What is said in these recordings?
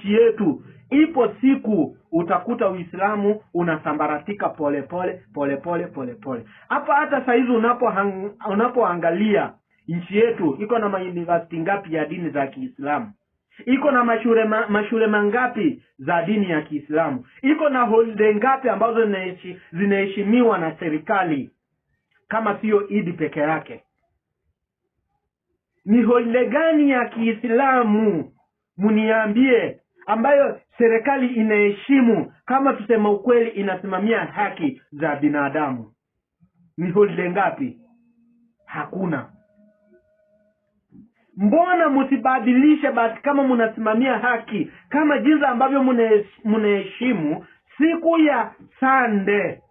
nchi yetu. Ipo siku utakuta Uislamu unasambaratika polepole polepole polepole. Hapa hata sahizi unapoangalia nchi yetu iko na mayunivasiti ngapi ya dini za Kiislamu? Iko na mashule ma, mashule mangapi za dini ya Kiislamu? Iko na holiday ngapi ambazo zinaheshimiwa na serikali kama siyo Idi peke yake? Ni holiday gani ya Kiislamu? Muniambie ambayo serikali inaheshimu, kama tusema ukweli, inasimamia haki za binadamu. Ni holide ngapi? Hakuna. Mbona msibadilishe basi, kama mnasimamia haki, kama jinsi ambavyo mnaheshimu siku ya Sande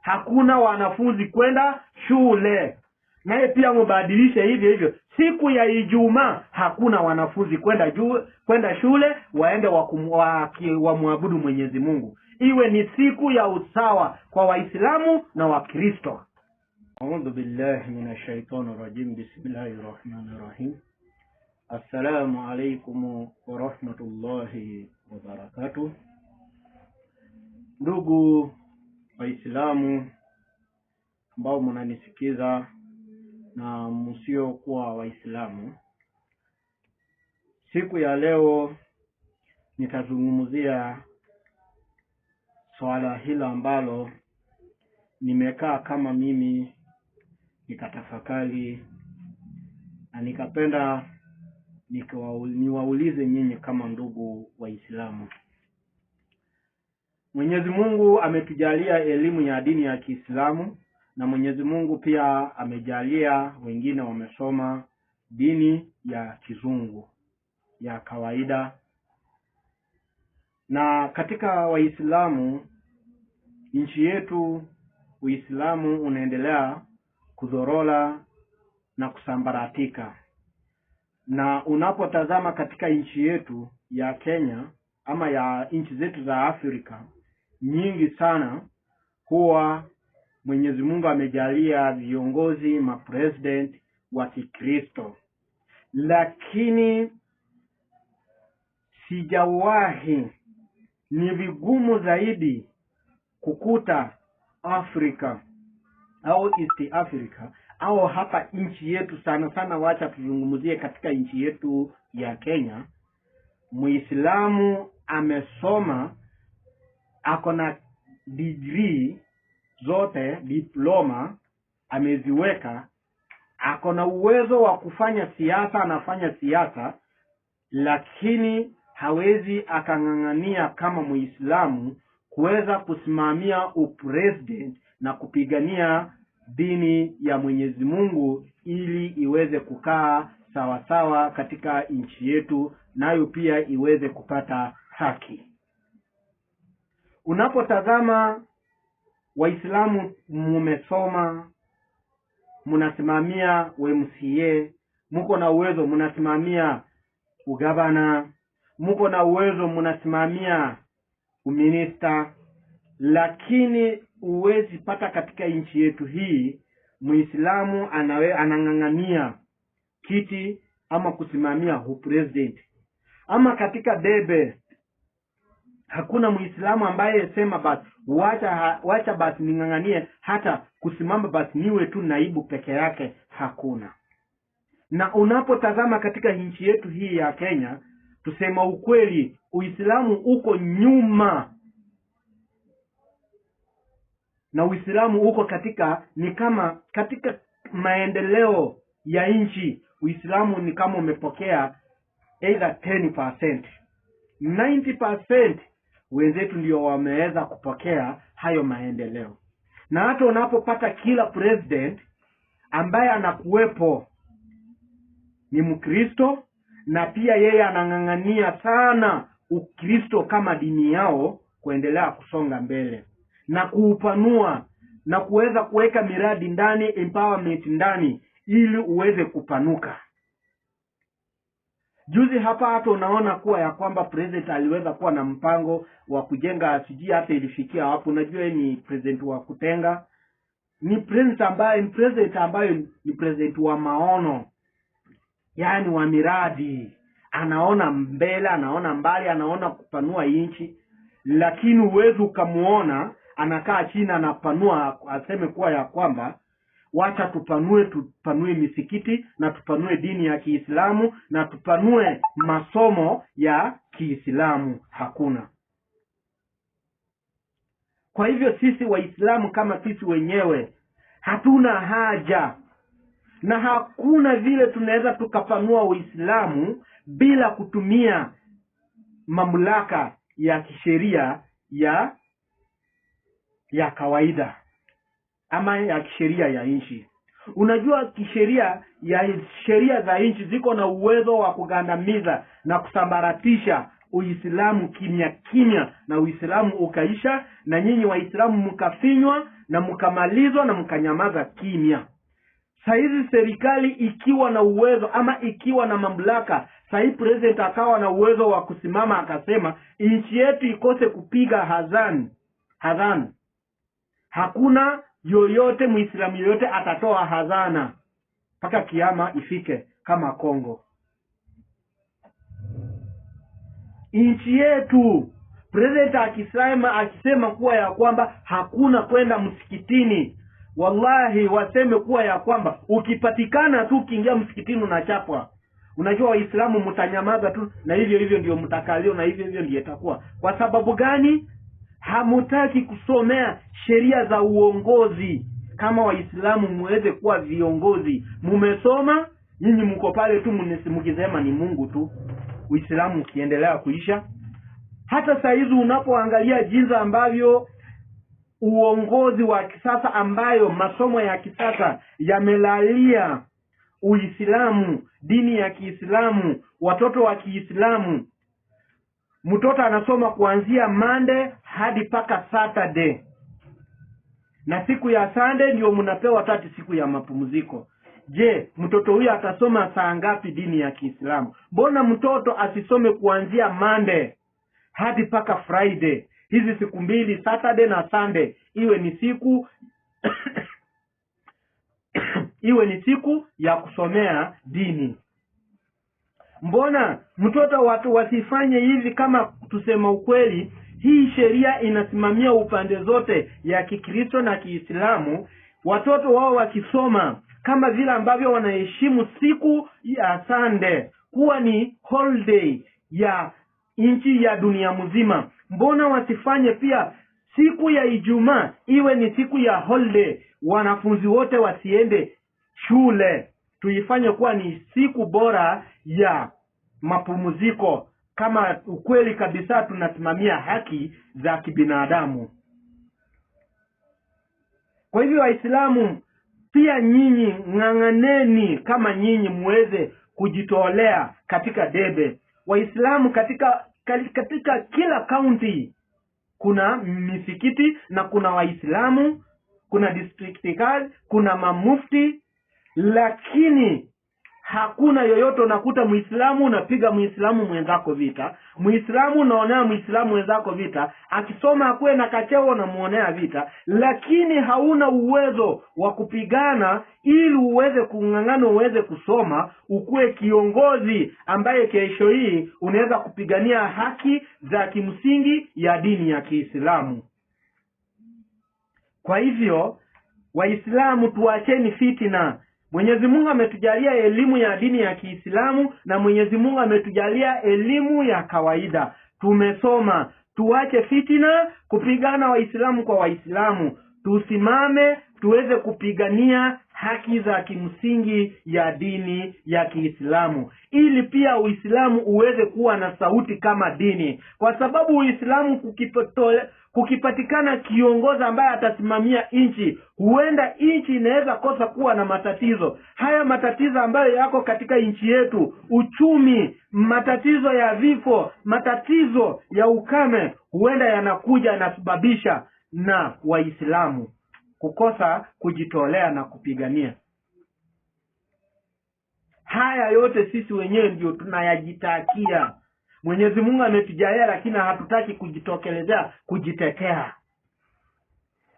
hakuna wanafunzi kwenda shule, naye pia mubadilishe hivyo hivyo. Siku ya Ijumaa hakuna wanafunzi kwenda juu kwenda shule waende wamwabudu wa, Mwenyezi Mungu, iwe ni siku ya usawa kwa Waislamu na Wakristo. Audhu billahi minash rajim. Bismillahir rahmanir rahim. Assalamu alaikum warahmatullahi wabarakatuh. Ndugu Waislamu ambao mnanisikiza na msiokuwa Waislamu. Siku ya leo nitazungumzia swala hilo ambalo nimekaa kama mimi nikatafakari na nikapenda niwaulize nyinyi kama ndugu Waislamu. Mwenyezi Mungu ametujalia elimu ya dini ya Kiislamu na Mwenyezi Mungu pia amejalia wengine wamesoma dini ya kizungu ya kawaida, na katika Waislamu nchi yetu Uislamu unaendelea kudhorola na kusambaratika, na unapotazama katika nchi yetu ya Kenya ama ya nchi zetu za Afrika nyingi sana huwa Mwenyezi Mungu amejalia viongozi mapresident wa Kikristo, lakini sijawahi, ni vigumu zaidi kukuta Afrika au East Africa au hapa nchi yetu, sana sana, wacha tuzungumzie katika nchi yetu ya Kenya, Muislamu amesoma ako na degree zote diploma ameziweka, ako na uwezo wa kufanya siasa, anafanya siasa, lakini hawezi akang'ang'ania kama Muislamu kuweza kusimamia upresident na kupigania dini ya Mwenyezi Mungu ili iweze kukaa sawasawa sawa katika nchi yetu, nayo pia iweze kupata haki. Unapotazama Waislamu mumesoma, munasimamia WMCA, muko na uwezo, munasimamia ugavana, muko na uwezo, munasimamia uminista, lakini uwezi pata katika nchi yetu hii Muislamu anawe anang'ang'ania kiti ama kusimamia upresident ama katika debe Hakuna Muislamu ambaye sema basi wacha, wacha basi ning'ang'anie hata kusimama basi niwe tu naibu peke yake, hakuna. Na unapotazama katika nchi yetu hii ya Kenya, tusema ukweli, Uislamu uko nyuma na Uislamu uko katika ni kama katika maendeleo ya nchi, Uislamu ni kama umepokea either 10%, 90% wenzetu ndio wameweza kupokea hayo maendeleo. Na hata unapopata kila president ambaye anakuwepo ni Mkristo na pia yeye anang'ang'ania sana Ukristo kama dini yao kuendelea kusonga mbele na kuupanua na kuweza kuweka miradi ndani, empowerment ndani, ili uweze kupanuka juzi hapa hata unaona kuwa ya kwamba president aliweza kuwa na mpango wa kujenga sijui hata ilifikia wapo unajua ni president wa kutenga ni president ambaye ni president ambayo ni president wa maono yaani wa miradi anaona mbele anaona mbali anaona kupanua nchi lakini huwezi ukamwona anakaa chini anapanua aseme kuwa ya kwamba wacha tupanue, tupanue misikiti na tupanue dini ya Kiislamu na tupanue masomo ya Kiislamu. Hakuna. Kwa hivyo sisi Waislamu kama sisi wenyewe hatuna haja na hakuna vile tunaweza tukapanua Uislamu bila kutumia mamlaka ya kisheria ya ya kawaida ama ya kisheria ya nchi. Unajua, kisheria ya sheria za nchi ziko na uwezo wa kugandamiza na kusambaratisha Uislamu kimya kimya, na Uislamu ukaisha, na nyinyi Waislamu mkafinywa na mkamalizwa na mkanyamaza kimya. Sahizi serikali ikiwa na uwezo ama ikiwa na mamlaka, sahii president akawa na uwezo wa kusimama akasema nchi yetu ikose kupiga hadhani hadhani, hakuna yoyote muislamu yoyote atatoa hazana mpaka kiama ifike kama Kongo nchi yetu president akisema akisema kuwa ya kwamba hakuna kwenda msikitini wallahi waseme kuwa ya kwamba ukipatikana tu ukiingia msikitini unachapwa unajua waislamu mtanyamaza tu na hivyo hivyo ndio mtakalio na hivyo hivyo ndio itakuwa kwa sababu gani hamutaki kusomea sheria za uongozi kama waislamu muweze kuwa viongozi mumesoma nyinyi mko pale tu mkisema ni mungu tu uislamu ukiendelea kuisha hata sahizi unapoangalia jinsi ambavyo uongozi wa kisasa ambayo masomo ya kisasa yamelalia uislamu dini ya kiislamu watoto wa kiislamu mtoto anasoma kuanzia Monday hadi mpaka Saturday, na siku ya Sunday ndio mnapewa tati siku ya mapumziko. Je, mtoto huyo atasoma saa ngapi dini ya Kiislamu? Mbona mtoto asisome kuanzia Monday hadi mpaka Friday, hizi siku mbili, Saturday na Sunday, iwe ni siku iwe ni siku ya kusomea dini. Mbona mtoto watu wasifanye hivi? Kama tusema ukweli, hii sheria inasimamia upande zote ya Kikristo na Kiislamu, watoto wao wakisoma kama vile ambavyo wanaheshimu siku ya sande kuwa ni holiday ya nchi ya dunia mzima, mbona wasifanye pia siku ya Ijumaa iwe ni siku ya holiday, wanafunzi wote wasiende shule, tuifanye kuwa ni siku bora ya mapumziko kama ukweli kabisa tunasimamia haki za kibinadamu. Kwa hivyo, Waislamu pia nyinyi ng'ang'aneni kama nyinyi muweze kujitolea katika debe. Waislamu katika katika kila kaunti kuna misikiti na kuna Waislamu, kuna district kuna mamufti, lakini hakuna yoyote unakuta mwislamu unapiga mwislamu mwenzako vita mwislamu unaonea mwislamu mwenzako vita akisoma akuwe na kacheo unamwonea vita lakini hauna uwezo wa kupigana ili uweze kung'ang'ana uweze kusoma ukuwe kiongozi ambaye kesho hii unaweza kupigania haki za kimsingi ya dini ya kiislamu kwa hivyo waislamu tuacheni fitina Mwenyezi Mungu ametujalia elimu ya dini ya Kiislamu na Mwenyezi Mungu ametujalia elimu ya kawaida. Tumesoma, tuache fitina, kupigana Waislamu kwa Waislamu, tusimame tuweze kupigania haki za kimsingi ya dini ya Kiislamu ili pia Uislamu uweze kuwa na sauti kama dini, kwa sababu Uislamu kukipotole kukipatikana kiongozi ambaye atasimamia nchi, huenda nchi inaweza kosa kuwa na matatizo haya. Matatizo ambayo yako katika nchi yetu, uchumi, matatizo ya vifo, matatizo ya ukame, huenda yanakuja yanasababisha na Waislamu kukosa kujitolea na kupigania haya yote. Sisi wenyewe ndio tunayajitakia. Mwenyezi Mungu ametujalia, lakini hatutaki kujitokelezea kujitetea.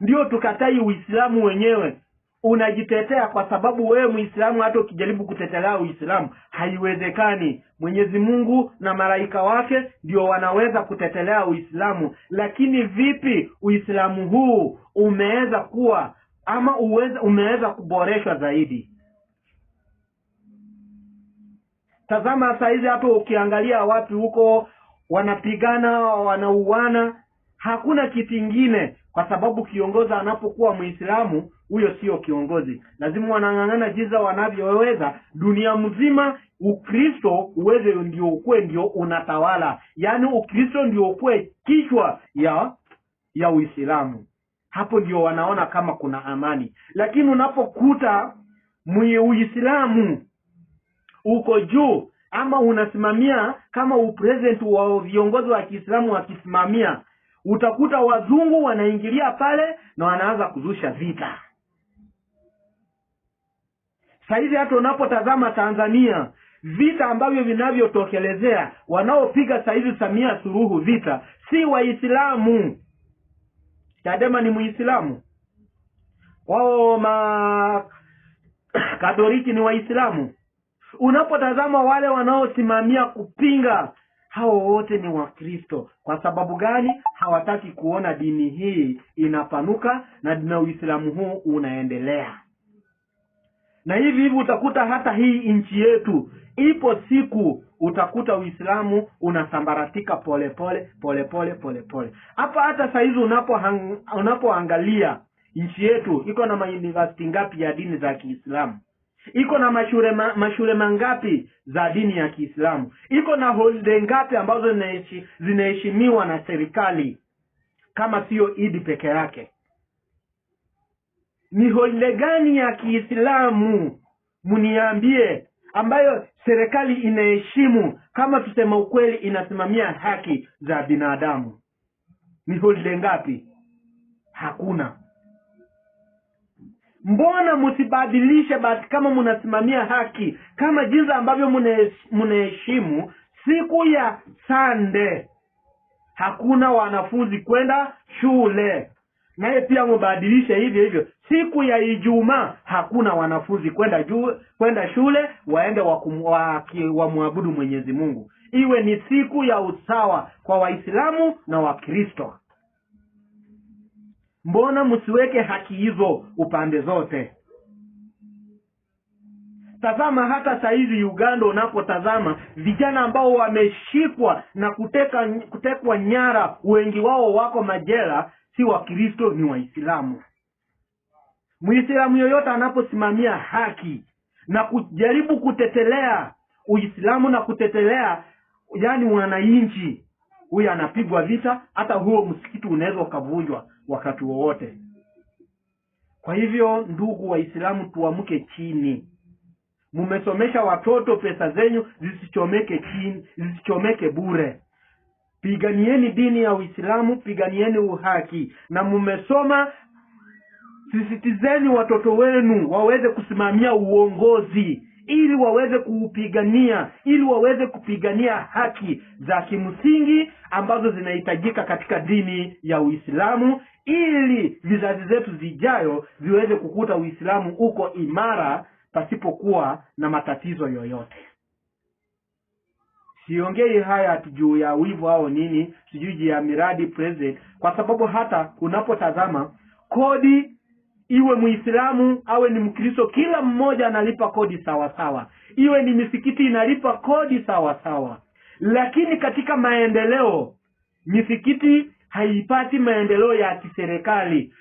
Ndio tukatai Uislamu wenyewe. Unajitetea kwa sababu wewe Muislamu, hata ukijaribu kutetelea Uislamu haiwezekani. Mwenyezi Mungu na malaika wake ndio wanaweza kutetelea Uislamu, lakini vipi Uislamu huu umeweza kuwa ama umeweza kuboreshwa zaidi? tazama saizi hapo ukiangalia watu huko wanapigana wanauana hakuna kitingine kwa sababu kiongozi anapokuwa mwislamu huyo sio kiongozi lazima wanang'ang'ana jiza wanavyoweza dunia mzima ukristo uweze ndio ukuwe ndio unatawala yaani ukristo ndio ukuwe kichwa ya ya uislamu hapo ndio wanaona kama kuna amani lakini unapokuta mwenye uislamu uko juu ama unasimamia kama upresent wa viongozi wa Kiislamu wakisimamia, utakuta wazungu wanaingilia pale na wanaanza kuzusha vita. Saizi hata unapotazama Tanzania vita ambavyo vinavyotokelezea, wanaopiga saizi Samia suruhu vita si Waislamu. Chadema ni Muislamu, wao Makatoliki ni Waislamu, unapotazama wale wanaosimamia kupinga hao wote ni Wakristo. Kwa sababu gani? Hawataki kuona dini hii inapanuka na na Uislamu huu unaendelea. Na hivi hivi utakuta hata hii nchi yetu, ipo siku utakuta Uislamu unasambaratika polepole polepole polepole. Hapa hata sahizi unapoangalia unapo nchi yetu iko na mayunivasiti ngapi ya dini za Kiislamu? iko na mashule ma, mashule mangapi za dini ya Kiislamu? Iko na holiday ngapi ambazo zinaheshimiwa na serikali kama siyo Idi peke yake? Ni holiday gani ya Kiislamu mniambie, ambayo serikali inaheshimu kama tusema ukweli, inasimamia haki za binadamu? Ni holiday ngapi? Hakuna mbona msibadilishe basi kama mnasimamia haki kama jinsi ambavyo mnaheshimu siku ya sande hakuna wanafunzi kwenda shule naye pia mubadilishe hivyo hivyo siku ya ijumaa hakuna wanafunzi kwenda kwenda shule waende wamwabudu mwenyezi mungu iwe ni siku ya usawa kwa waislamu na wakristo mbona msiweke haki hizo upande zote tazama hata sahizi uganda unapotazama vijana ambao wameshikwa na kuteka kutekwa nyara wengi wao wako majela si wakristo ni waislamu mwislamu yoyote anaposimamia haki na kujaribu kutetelea uislamu na kutetelea yani wananchi huyu anapigwa vita, hata huo msikiti unaweza ukavunjwa wakati wowote. Kwa hivyo, ndugu Waislamu, tuamke chini. Mmesomesha watoto, pesa zenyu zisichomeke chini, zisichomeke bure. Piganieni dini ya Uislamu, piganieni uhaki, na mmesoma sisitizeni watoto wenu waweze kusimamia uongozi ili waweze kuupigania ili waweze kupigania haki za kimsingi ambazo zinahitajika katika dini ya uislamu ili vizazi zetu zijayo viweze kukuta uislamu uko imara pasipokuwa na matatizo yoyote siongei haya juu ya wivu au nini sijui ya miradi present kwa sababu hata unapotazama kodi iwe Muislamu awe ni Mkristo, kila mmoja analipa kodi sawa sawa, iwe ni misikiti inalipa kodi sawa sawa. Lakini katika maendeleo, misikiti haipati maendeleo ya kiserikali.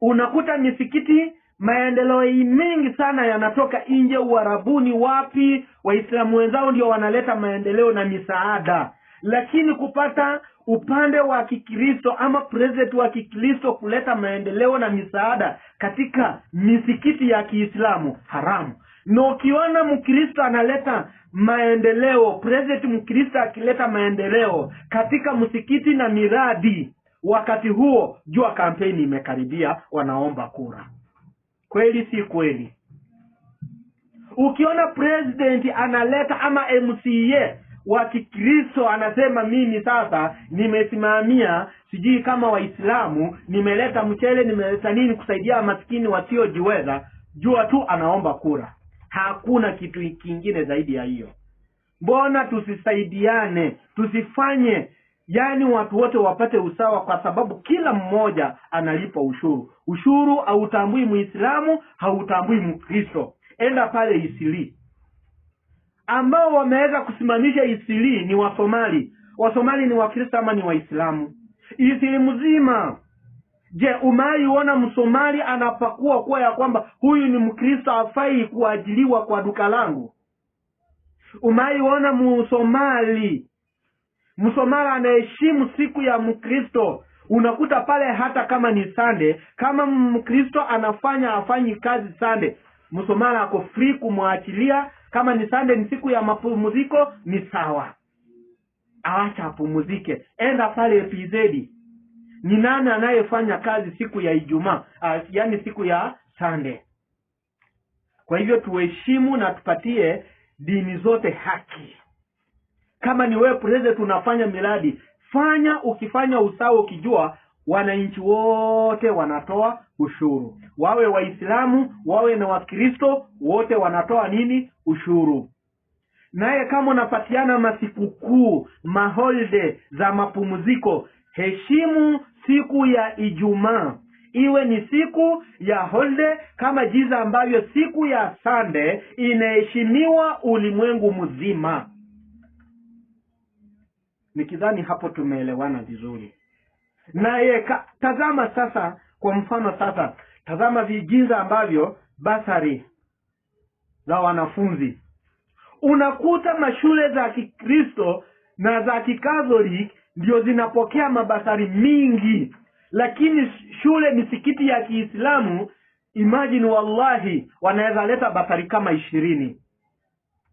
Unakuta misikiti maendeleo mengi sana yanatoka nje, Uarabuni wapi, Waislamu wenzao ndio wanaleta maendeleo na misaada, lakini kupata upande wa kikristo ama president wa kikristo kuleta maendeleo na misaada katika misikiti ya kiislamu haramu na ukiona mkristo analeta maendeleo president mkristo akileta maendeleo katika msikiti na miradi wakati huo jua kampeni imekaribia wanaomba kura kweli si kweli ukiona president analeta ama mca wa Kikristo anasema mimi sasa nimesimamia sijui kama Waislamu, nimeleta mchele, nimeleta nini kusaidia maskini wasiojiweza, jua tu anaomba kura. Hakuna kitu kingine zaidi ya hiyo. Mbona tusisaidiane, tusifanye yaani watu wote wapate usawa, kwa sababu kila mmoja analipa ushuru. Ushuru hautambui Muislamu, hautambui Mkristo. Enda pale isilii ambao wameweza kusimamisha Isili ni Wasomali. Wasomali ni Wakristo ama ni Waislamu? Isili mzima. Je, uona Msomali anapakua kuwa ya kwamba huyu ni Mkristo afai kuajiliwa kwa duka langu? uona Msomali, Msomali anaheshimu siku ya Mkristo unakuta pale hata kama ni sande, kama Mkristo anafanya afanyi kazi sande, Msomali ako free kumwachilia kama ni Sunday ni siku ya mapumziko ni sawa awacha apumzike enda pale pz ni nani anayefanya kazi siku ya ijumaa ah, yaani siku ya Sunday kwa hivyo tuheshimu na tupatie dini zote haki kama ni wewe prezidenti unafanya miradi fanya ukifanya usawa ukijua wananchi wote wanatoa ushuru, wawe Waislamu wawe na Wakristo, wote wanatoa nini? Ushuru. Naye kama unapatiana masikukuu maholde za mapumziko, heshimu siku ya Ijumaa iwe ni siku ya holde kama jinsi ambavyo siku ya sande inaheshimiwa ulimwengu mzima. Nikidhani hapo tumeelewana vizuri naye tazama sasa kwa mfano sasa tazama vijinza ambavyo basari za wanafunzi unakuta mashule za kikristo na za kikatholiki ndio zinapokea mabasari mingi lakini shule misikiti ya kiislamu imajini wallahi wanaweza leta basari kama ishirini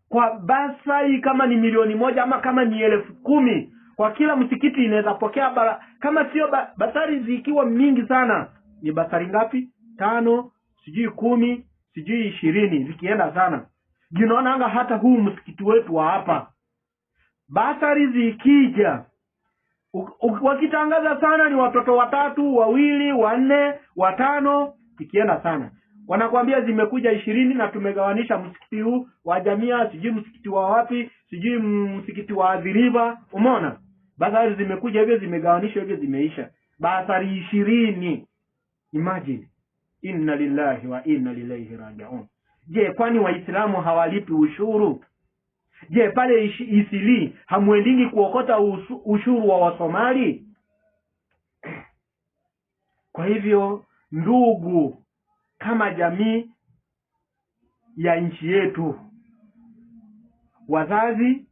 kwa basari kama ni milioni moja ama kama ni elfu kumi kwa kila msikiti inaweza pokea bara, kama sio ba, basari zikiwa mingi sana, ni basari ngapi? Tano, sijui kumi, sijui ishirini, zikienda sana. Jinaonanga hata huu msikiti wetu wa hapa, basari zikija wakitangaza sana, ni watoto watatu, wawili, wanne, watano, ikienda sana wanakwambia zimekuja ishirini na tumegawanisha msikiti huu wa Jamia, sijui msikiti wa wapi, sijui msikiti wa Adhiriva. Umeona Basari zimekuja hivyo zimegawanishwa hivyo zimeisha. Basari ishirini. Imagine. Inna lillahi wa inna ilaihi rajiun. Je, kwani Waislamu hawalipi ushuru? Je, pale Isili hamwendingi kuokota ushuru wa Wasomali? Kwa hivyo ndugu, kama jamii ya nchi yetu, wazazi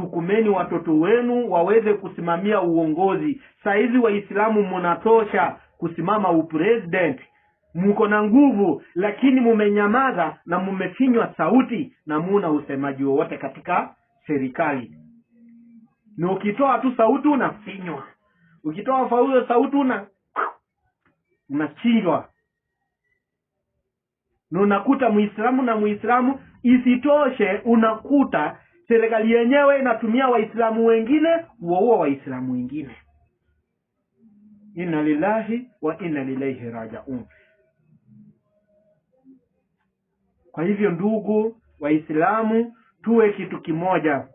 sukumeni watoto wenu waweze kusimamia uongozi. Saizi Waislamu mnatosha kusimama upresident, mko na nguvu, lakini mumenyamaza na mumefinywa sauti na muna usemaji wowote katika serikali. Ni ukitoa tu sauti unafinywa, ukitoa faulo sauti una unachinjwa na unakuta Muislamu na Muislamu, isitoshe unakuta serikali yenyewe inatumia waislamu wengine kuwaua waislamu wengine inna lillahi wa inna ilaihi rajaun kwa hivyo ndugu waislamu tuwe kitu kimoja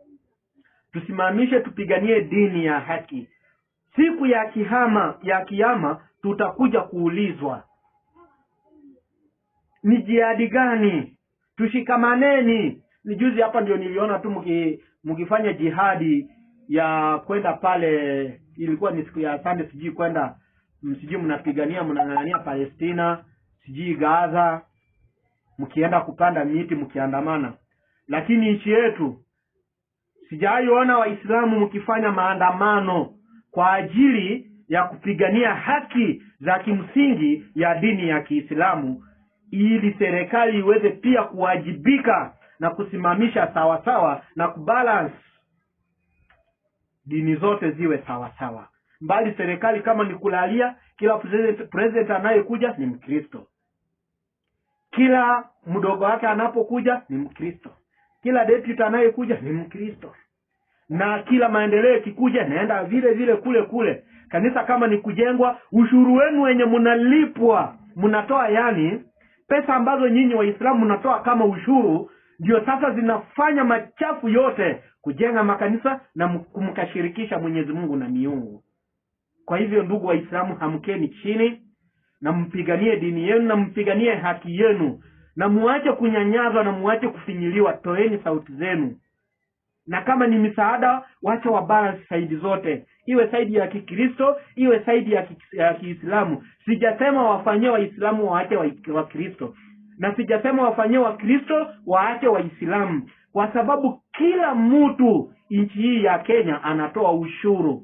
tusimamishe tupiganie dini ya haki siku ya kihama ya kiama tutakuja kuulizwa ni jihadi gani tushikamaneni ni juzi hapa ndio niliona tu mki, mkifanya jihadi ya kwenda pale, ilikuwa ni siku ya Sunday, sijui kwenda mm, sijui mnapigania mnang'ang'ania Palestina sijui Gaza, mkienda kupanda miti mkiandamana, lakini nchi yetu sijaiona Waislamu mkifanya maandamano kwa ajili ya kupigania haki za kimsingi ya dini ya Kiislamu ili serikali iweze pia kuwajibika na kusimamisha sawasawa sawa, na kubalance dini zote ziwe sawasawa sawa. Mbali serikali kama ni kulalia, kila president, president anayekuja ni Mkristo, kila mdogo wake anapokuja ni Mkristo, kila deputy anayekuja ni Mkristo, na kila maendeleo kikuja naenda vile vile kule kule. Kanisa kama ni kujengwa, ushuru wenu wenye mnalipwa mnatoa, yani pesa ambazo nyinyi Waislamu mnatoa kama ushuru ndio sasa zinafanya machafu yote kujenga makanisa na kumkashirikisha Mwenyezi Mungu na miungu. Kwa hivyo, ndugu Waislamu, hamkeni chini na mpiganie dini yenu na mpiganie haki yenu na muache kunyanyazwa na muache kufinyiliwa. Toeni sauti zenu, na kama ni misaada, wacha wabalance saidi zote, iwe saidi ya Kikristo iwe saidi ya Kiislamu. Sijasema wafanyie Waislamu waache Wakristo, na sijasema wafanyie Wakristo waache Waislamu, kwa sababu kila mtu nchi hii ya Kenya anatoa ushuru,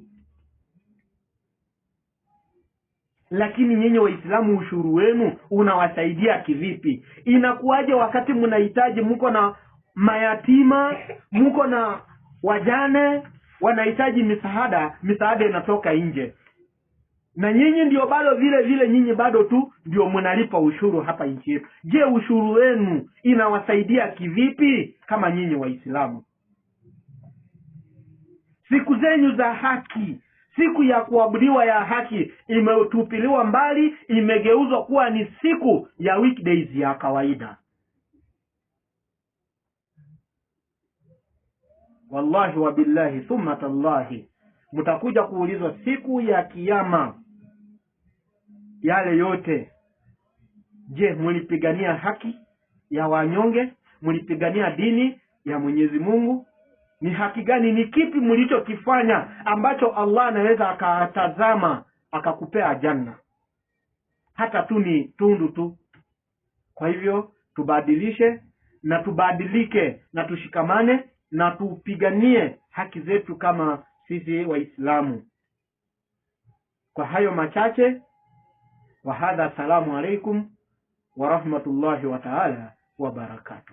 lakini nyinyi Waislamu ushuru wenu unawasaidia kivipi? Inakuwaje wakati mnahitaji, mko na mayatima, mko na wajane wanahitaji misaada, misaada inatoka nje na nyinyi ndio bado vile vile, nyinyi bado tu ndio mnalipa ushuru hapa nchi yetu. Je, ushuru wenu inawasaidia kivipi kama nyinyi Waislamu? Siku zenyu za haki, siku ya kuabudiwa ya haki imetupiliwa mbali, imegeuzwa kuwa ni siku ya weekdays ya kawaida. Wallahi billahi thumma tallahi, mtakuja kuulizwa siku ya Kiyama yale yote. Je, mlipigania haki ya wanyonge? Mlipigania dini ya Mwenyezi Mungu? Ni haki gani? Ni kipi mlichokifanya ambacho Allah anaweza akatazama akakupea janna? Hata tu ni tundu tu. Kwa hivyo tubadilishe na tubadilike na tushikamane na tupiganie haki zetu kama sisi Waislamu. Kwa hayo machache وهذا السلام عليكم ورحمة الله وتعالى وبركاته